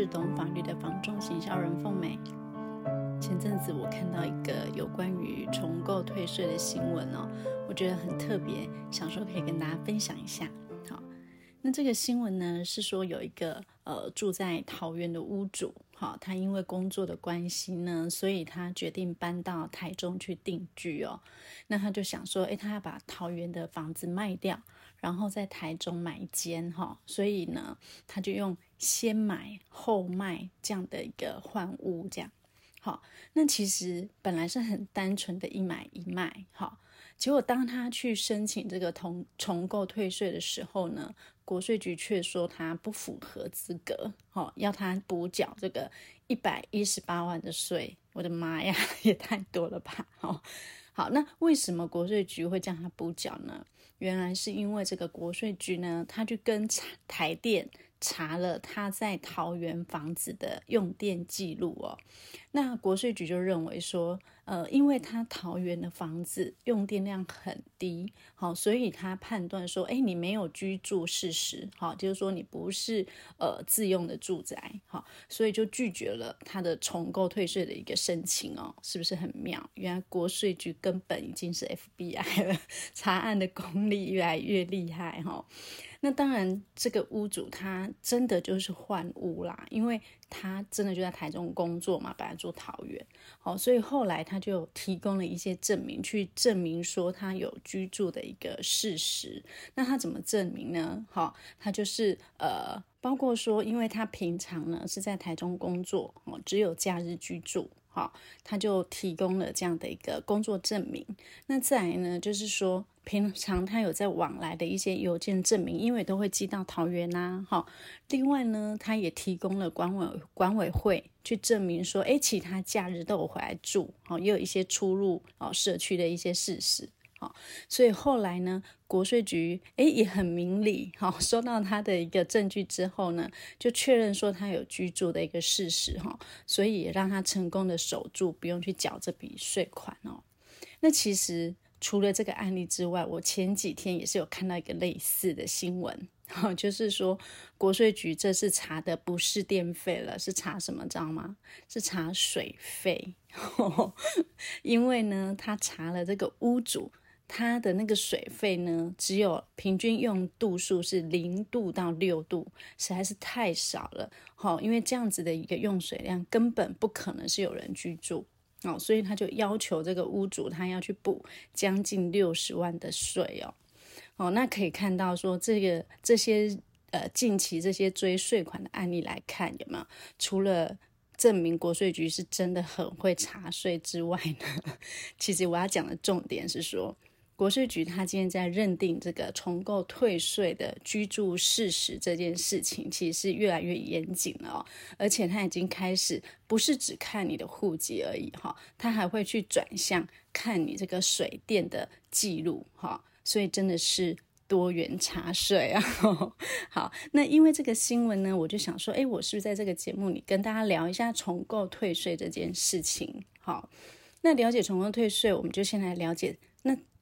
是懂法律的房仲行銷人鳳美。前陣子我看到一個有關於重購退稅的新聞哦，我覺得很特別，想說可以跟大家分享一下。好，那這個新聞呢是說有一個呃住在桃園的屋主，哈，他因為工作的關係呢，所以他決定搬到台中去定居哦。那他就想說，欸，他要把桃園的房子賣掉，然後在台中買一間哈、哦，所以呢，他就用。先買後賣這樣的一個換屋，這樣好。那其實本來是很單純的一買一賣，好。結果當他去申請這個同重重購退稅的時候呢，國稅局卻說他不符合資格，好，要他補繳這個一百一十八萬的稅。我的媽呀，也太多了吧，好。好，那為什麼國稅局會叫他補繳呢？原來是因為這個國稅局呢，他去跟台電。查了他在桃園房子的用電記錄哦，那國稅局就認為說，呃，因為他桃園的房子用電量很低，好、哦，所以他判斷說誒，你沒有居住事實，好、哦，就是說你不是呃自用的住宅，好、哦，所以就拒絕了他的重購退稅的一個申請哦，是不是很妙？原來國稅局根本已經是 FBI 了，查案的功力越來越厲害哈。哦那當然，這個屋主，他真的就是換屋啦，因為他真的就在台中工作嘛，本來住桃園，好、哦，所以後來他就提供了一些證明，去證明說他有居住的一個事實。那他怎麼證明呢？好、哦，他就是呃，包括說，因為他平常呢是在台中工作，哦，只有假日居住，好、哦，他就提供了這樣的一個工作證明。那再來呢，就是說。平常他有在往來的一些郵件證明，因為都會寄到桃園吶，哈。另外呢，他也提供了管委管委會去證明說，哎，其他假日都有回來住，哈，也有一些出入啊社區的一些事實，哈。所以後來呢，國稅局哎也很明理，哈，收到他的一個證據之後呢，就確認說他有居住的一個事實，哈，所以也讓他成功的守住，不用去繳這筆稅款哦。那其實。除了這個案例之外，我前幾天也是有看到一個類似的新聞，哈，就是說國稅局這次查的不是電費了，是查什麼，知道嗎？是查水費。呵呵，因為呢，他查了這個屋主，他的那個水費呢，只有平均用度數是零度到六度，實在是太少了，哈，因為這樣子的一個用水量根本不可能是有人居住。哦，所以他就要求這個屋主，他要去補將近六十萬的稅哦，哦，那可以看到說，這個這些呃近期這些追稅款的案例來看有沒有？除了證明國稅局是真的很會查稅之外呢，其實我要講的重點是說。國稅局他今天在認定這個重購退稅的居住事實這件事情，其實是越來越嚴謹了，哦，而且他已經開始不是只看你的戶籍而已哈，哦，他還會去轉向看你這個水電的記錄哈，哦，所以真的是多元查稅啊。好，那因為這個新聞呢，我就想說，哎，我是不是在這個節目裡跟大家聊一下重購退稅這件事情？好，那了解重購退稅，我們就先來了解。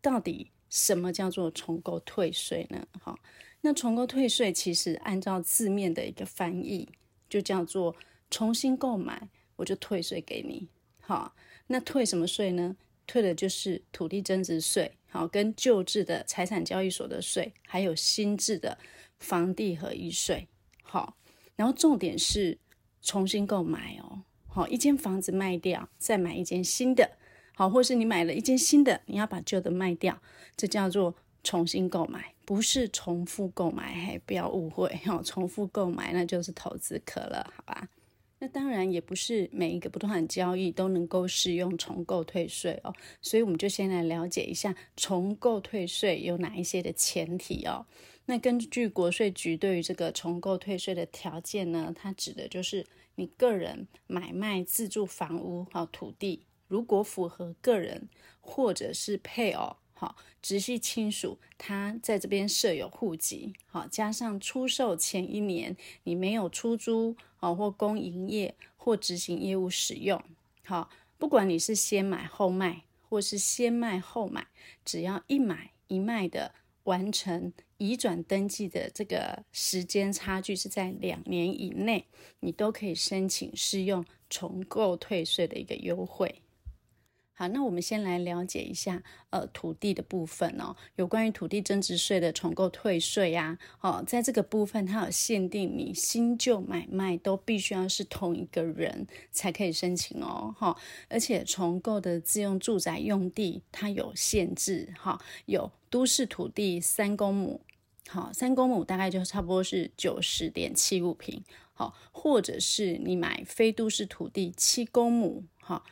到底什麼叫做重購退稅呢？哈，那重購退稅其實按照字面的一個翻譯，就叫做重新購買，我就退稅給你。哈，那退什麼稅呢？退的就是土地增值稅，好，跟舊制的財產交易所得稅，還有新制的房地合一稅。好，然後重點是重新購買哦。好，一間房子賣掉，再買一間新的。好，或是你買了一間新的，你要把舊的賣掉，這叫做重新購買，不是重複購買，不要誤會哦。重複購買那就是投資客了，好吧？那當然也不是每一個不動產交易都能夠適用重購退稅哦，所以我們就先來了解一下重購退稅有哪一些的前提哦。那根據國稅局對於這個重購退稅的條件呢，它指的就是你個人買賣自住房屋和、哦、土地。如果符合個人或者是配偶，好，直系親屬，他在這邊設有戶籍，好，加上出售前一年你沒有出租、哦，或供營業或執行業務使用，好，不管你是先買後賣或是先賣後買，只要一買一賣的完成移轉登記的這個時間差距是在兩年以內，你都可以申請適用重購退稅的一個優惠。好，那我們先來了解一下，呃，土地的部分哦，有關於土地增值稅的重購退稅呀、啊。好、哦，在這個部分它有限定，你新舊買賣都必須要是同一個人才可以申請哦。哈、哦，而且重購的自用住宅用地它有限制，哈、哦，有都市土地三公畝，好、哦，三公畝大概就差不多是九十點七五坪，好、哦，或者是你買非都市土地七公畝，哈、哦。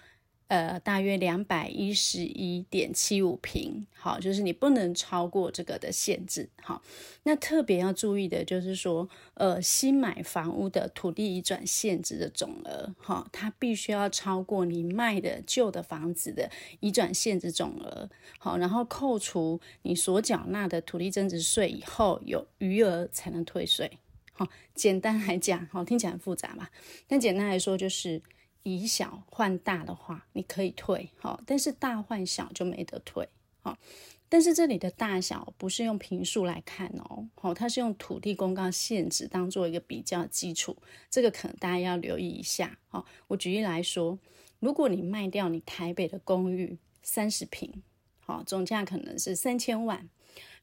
呃，大約兩百一十一點七五平，好，就是你不能超過這個的限制，好。那特別要注意的就是說，呃，新買房屋的土地移轉限制的總額，哈，它必須要超過你賣的舊的房子的移轉限制總額，好，然後扣除你所繳納的土地增值稅以後，有餘額才能退稅，好。簡單來講，好，聽起來很複雜吧？但簡單來說就是。以小換大的話，你可以退好，但是大換小就沒得退好。但是這裡的大小不是用坪數來看哦，好，它是用土地公告限制當做一個比較基礎，這個可能大家要留意一下。我舉例來說，如果你賣掉你台北的公寓三十坪，好，總價可能是三千萬，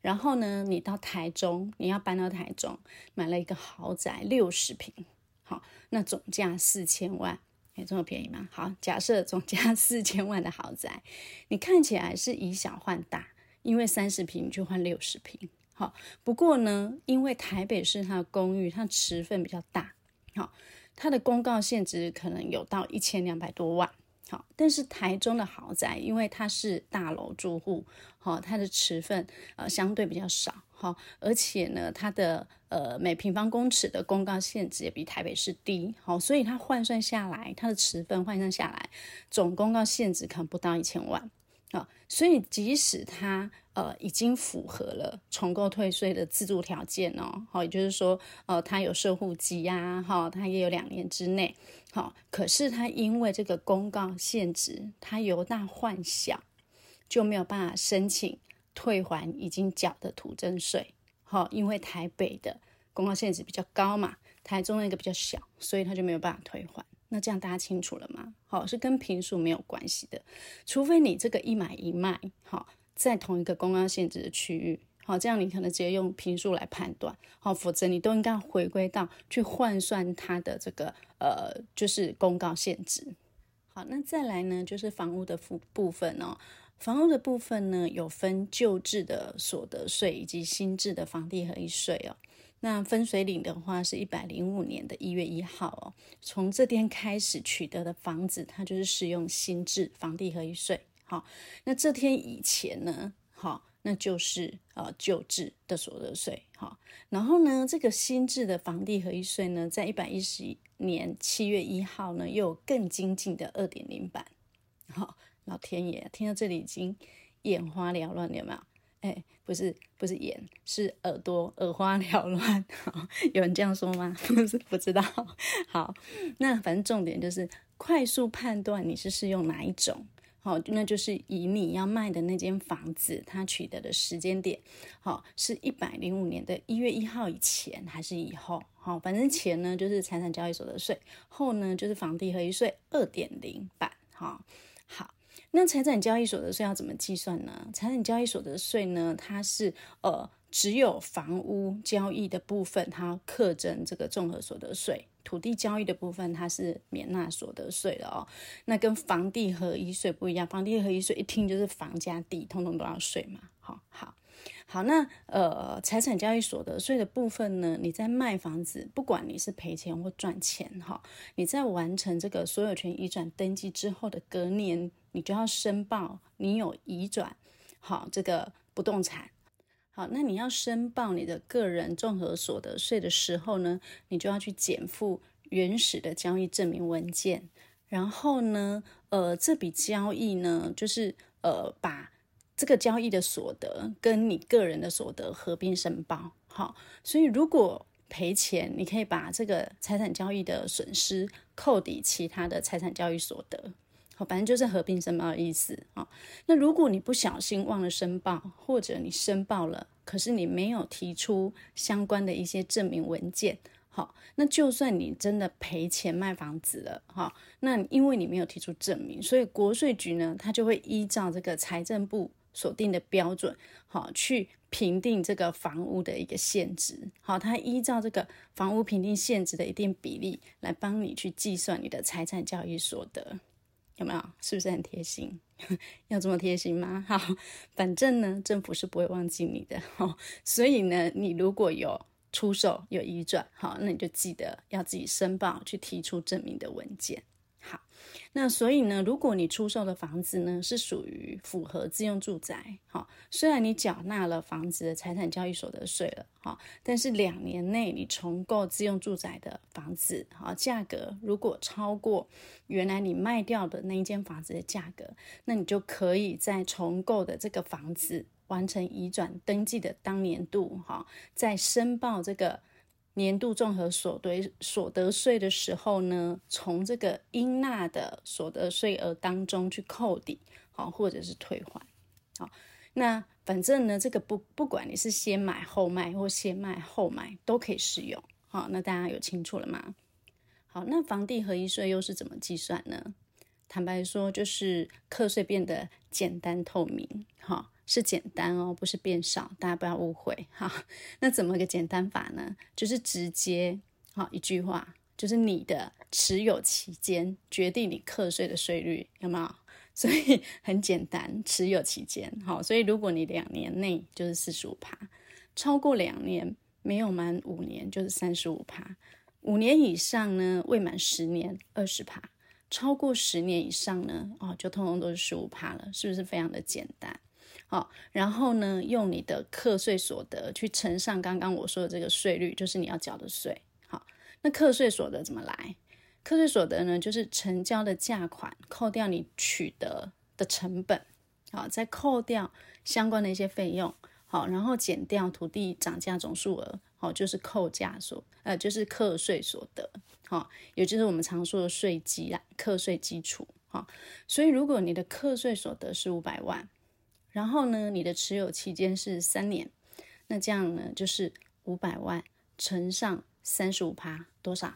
然後呢，你到台中，你要搬到台中買了一個豪宅六十坪。好，那總價四千萬。也、欸、這麼便宜嗎？好，假設總價四千萬的豪宅，你看起來是以小換大，因為三十平就換六十平。好、哦，不過呢，因為台北市它的公寓它的持份比較大，好、哦，它的公告現值可能有到一千兩百多萬。但是台中的豪宅，因為它是大樓住戶，好，它的持分呃相對比較少，好，而且呢，它的呃每平方公尺的公告現值也比台北市低，好，所以它換算下來，它的持分換算下來，總公告現值可能不到一千萬。啊，所以即使他呃已經符合了重購退稅的自住條件哦，好，也就是說，呃，他有設戶籍、啊，哈、哦，他也有兩年之內，好、哦，可是他因為這個公告限制，他由大換小就沒有辦法申請退還已經繳的土增稅，好、哦，因為台北的公告限制比較高嘛，台中那個比較小，所以他就沒有辦法退還。那這樣大家清楚了嗎？好、哦，是跟平數沒有關係的，除非你這個一買一賣，哦、在同一個公告限制的區域，好、哦，這樣你可能直接用平數來判斷，好、哦，否則你都應該要回歸到去換算它的這個呃，就是公告限制。好，那再來呢，就是房屋的部分哦，房屋的部分呢，有分舊制的所得稅以及新制的房地合一稅哦。那分水嶺的話是一百零五年的一月一號哦，從這天開始取得的房子，它就是適用新制房地合一稅，好、哦，那這天以前呢，好、哦，那就是呃舊制的所得稅，好、哦，然後呢，這個新制的房地合一稅呢，在一百一十一年七月一號呢，又有更精進的二點零版，好、哦，老天爺，聽到這裡已經眼花繚亂了有沒有？哎、欸，不是，不是眼，是耳朵，耳花繚亂。哈，有人這樣說嗎？不是，不知道。好，那反正重點就是快速判斷你是適用哪一種。好，那就是以你要賣的那間房子，它取得的時間點。好，是一百零五年的一月一號以前還是以後？好，反正前呢就是財產交易所得稅，後呢就是房地合一稅二點零版。哈，好。好那財產交易所得稅要怎麼計算呢？財產交易所得稅呢？它是呃只有房屋交易的部分，它要課徵這個綜合所得稅；土地交易的部分，它是免納所得稅的哦。那跟房地合一稅不一樣，房地合一稅一聽就是房加地，通通都要稅嘛。哦、好好好，那呃財產交易所得稅的部分呢？你在賣房子，不管你是賠錢或賺錢，哈、哦，你在完成這個所有權移轉登記之後的隔年。你就要申報你有移轉好這個不動產，好，那你要申報你的個人綜合所得稅的時候呢，你就要去檢附原始的交易證明文件，然後呢，呃，這筆交易呢，就是呃把這個交易的所得跟你個人的所得合併申報，好，所以如果賠錢，你可以把這個財產交易的損失扣抵其他的財產交易所得。反正就是合併申報的意思啊。那如果你不小心忘了申報，或者你申報了，可是你沒有提出相關的一些證明文件，好，那就算你真的賠錢賣房子了，哈，那因為你沒有提出證明，所以國稅局呢，他就會依照這個財政部所定的標準，好，去評定這個房屋的一個現值，好，他依照這個房屋評定現值的一定比例來幫你去計算你的財產交易所得。有有是不是很貼心？ 要這麼貼心嗎？好，反正呢，政府是不會忘記你的。哦、所以呢，你如果有出售、有移轉，好，那你就記得要自己申報，去提出證明的文件。好，那所以呢，如果你出售的房子呢是屬於符合自用住宅，好、哦，雖然你繳納了房子的財產交易所得稅了，好、哦，但是兩年內你重購自用住宅的房子，啊、哦，價格如果超過原來你賣掉的那一間房子的價格，那你就可以在重購的這個房子完成移轉登記的當年度，哈、哦，再申報這個。年度綜合所得所得稅的時候呢，從這個應納的所得稅額當中去扣抵，好，或者是退還，好，那反正呢，這個不不管你是先買後賣或先賣後買，都可以適用，好，那大家有清楚了嗎？好，那房地合一稅又是怎麼計算呢？坦白說，就是課稅變得簡單透明，哈，是簡單哦，不是變少，大家不要誤會哈。那怎麼個簡單法呢？就是直接，哈，一句話，就是你的持有期間決定你課稅的稅率，有沒有？所以很簡單，持有期間，哈，所以如果你兩年內就是四十五趴，超過兩年沒有滿五年就是三十五趴，五年以上呢，未滿十年二十趴。超過十年以上呢，哦，就通通都是十五趴了，是不是非常的簡單？好，哦，然後呢，用你的課稅所得去乘上剛剛我說的這個稅率，就是你要繳的稅。好，哦，那課稅所得怎麼來？課稅所得呢，就是成交的價款扣掉你取得的成本，好，哦，再扣掉相關的一些費用，好，哦，然後減掉土地漲價總數額。哦，就是扣價所，呃，就是課稅所得，哈、哦，也就是我們常說的稅基啦，課稅基礎，哈、哦。所以，如果你的課稅所得是五百萬，然後呢，你的持有期間是三年，那這樣呢，就是五百萬乘上三十五趴，多少？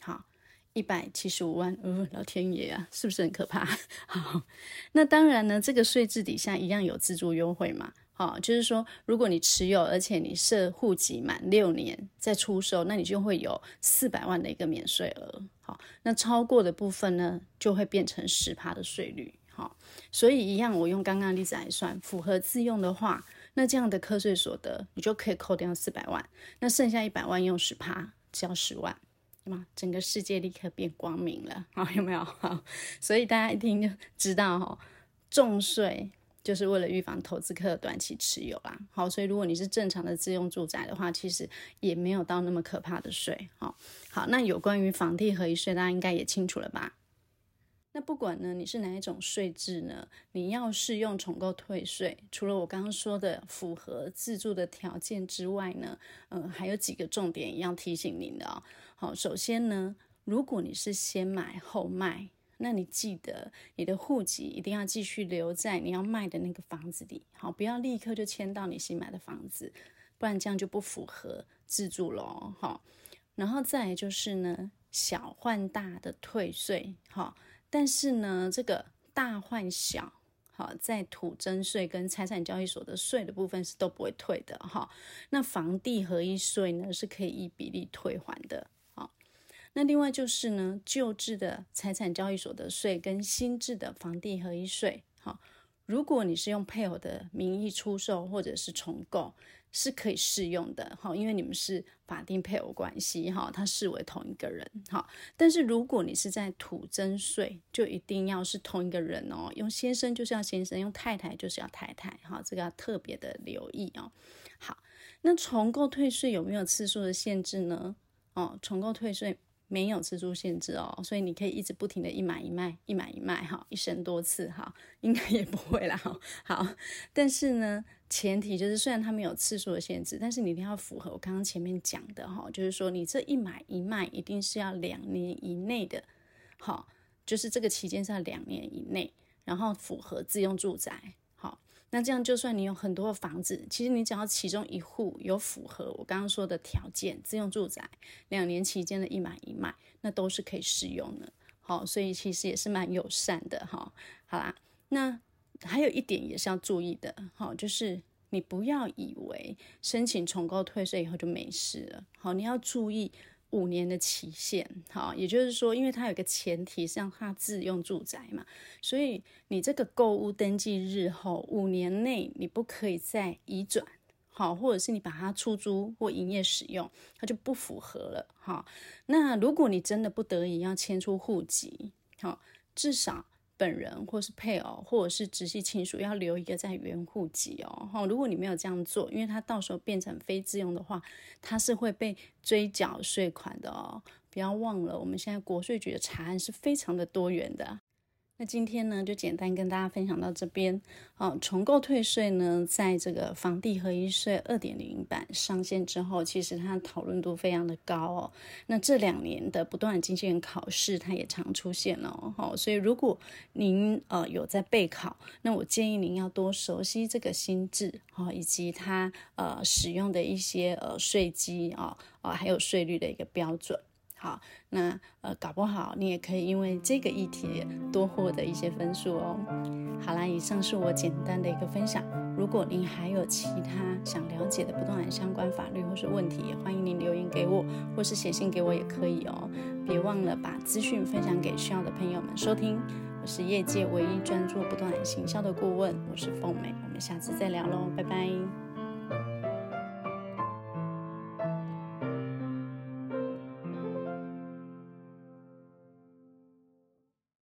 好，一百七十五萬。哦、呃，老天爺啊，是不是很可怕？好，那當然呢，這個稅制底下一樣有自住優惠嘛。好、哦，就是說，如果你持有，而且你設戶籍滿六年再出售，那你就會有四百萬的一個免稅額。好、哦，那超過的部分呢，就會變成十趴的稅率。好、哦，所以一樣，我用剛剛例子來算，符合自用的話，那這樣的課稅所得，你就可以扣掉四百萬，那剩下一百萬用十趴交十萬，那麼整個世界立刻變光明了，好，有沒有？好，所以大家一聽就知道哈、哦，重稅。就是為了預防投資客短期持有啦。好，所以如果你是正常的自用住宅的話，其實也沒有到那麼可怕的稅。好、哦，好，那有關於房地合一稅，大家應該也清楚了吧？那不管呢，你是哪一種稅制呢？你要適用重購退稅，除了我剛剛說的符合自住的條件之外呢，嗯、呃，還有幾個重點要提醒您的、哦、好，首先呢，如果你是先買後賣，那你記得你的戶籍一定要繼續留在你要賣的那個房子裡，好，不要立刻就遷到你新買的房子，不然這樣就不符合自住咯，哈。然後再來就是呢，小換大的退稅，哈，但是呢，這個大換小，哈，在土增稅跟財產交易所得稅的部分是都不會退的，哈。那房地合一稅呢，是可以一比例退還的。那另外就是呢，舊制的財產交易所得稅跟新制的房地合一稅、哦，如果你是用配偶的名義出售或者是重購是可以適用的、哦，因為你們是法定配偶關係，哈、哦，它視為同一個人、哦，但是如果你是在土增稅，就一定要是同一個人哦，用先生就是要先生，用太太就是要太太，哈、哦，這個要特別的留意哦。好，那重購退稅有沒有次數的限制呢？哦，重購退稅。沒有次數限制哦，所以你可以一直不停的，一買一賣，一買一賣哈，一生多次哈，應該也不會啦。好，但是呢，前提就是雖然它沒有次數的限制，但是你一定要符合我剛剛前面講的哈，就是說你這一買一賣一定是要兩年以內的，就是這個期間是要兩年以內，然後符合自用住宅。那這樣，就算你有很多房子，其實你只要其中一戶有符合我剛剛說的條件，自用住宅，兩年期間的一買一賣，那都是可以使用的。好，所以其實也是蠻友善的哈。好啦，那還有一點也是要注意的，哈，就是你不要以為申請重購退稅以後就沒事了。好，你要注意。五年的期限，好，也就是說，因為它有個前提，像它自用住宅嘛，所以你這個購屋登記日後五年內你不可以再移轉，好，或者是你把它出租或營業使用，它就不符合了，好。那如果你真的不得已要遷出戶籍，好，至少。本人或是配偶或者是直系親屬要留一個在原戶籍哦。哈、哦，如果你沒有這樣做，因為它到時候變成非自用的話，它是會被追繳稅款的哦。不要忘了，我們現在國稅局的查案是非常的多元的。那今天呢，就簡單跟大家分享到這邊。啊、哦，重購退稅呢，在這個房地合一稅二點零版上線之後，其實它討論度非常的高哦。那這兩年的不斷的經紀人考試，它也常出現了哦、哦。所以如果您呃有在備考，那我建議您要多熟悉這個新制哦，以及它呃使用的一些呃稅基啊、啊還有稅率的一個標準。好，那呃，搞不好你也可以因為這個議題多獲得一些分數哦。好啦，以上是我簡單的一個分享。如果您還有其他想了解的不動產相關法律或是問題，也歡迎您留言給我，或是寫信給我也可以哦。別忘了把資訊分享給需要的朋友們收聽。我是業界唯一專注不動產行銷的顧問，我是鳳美，我們下次再聊嘍，拜拜。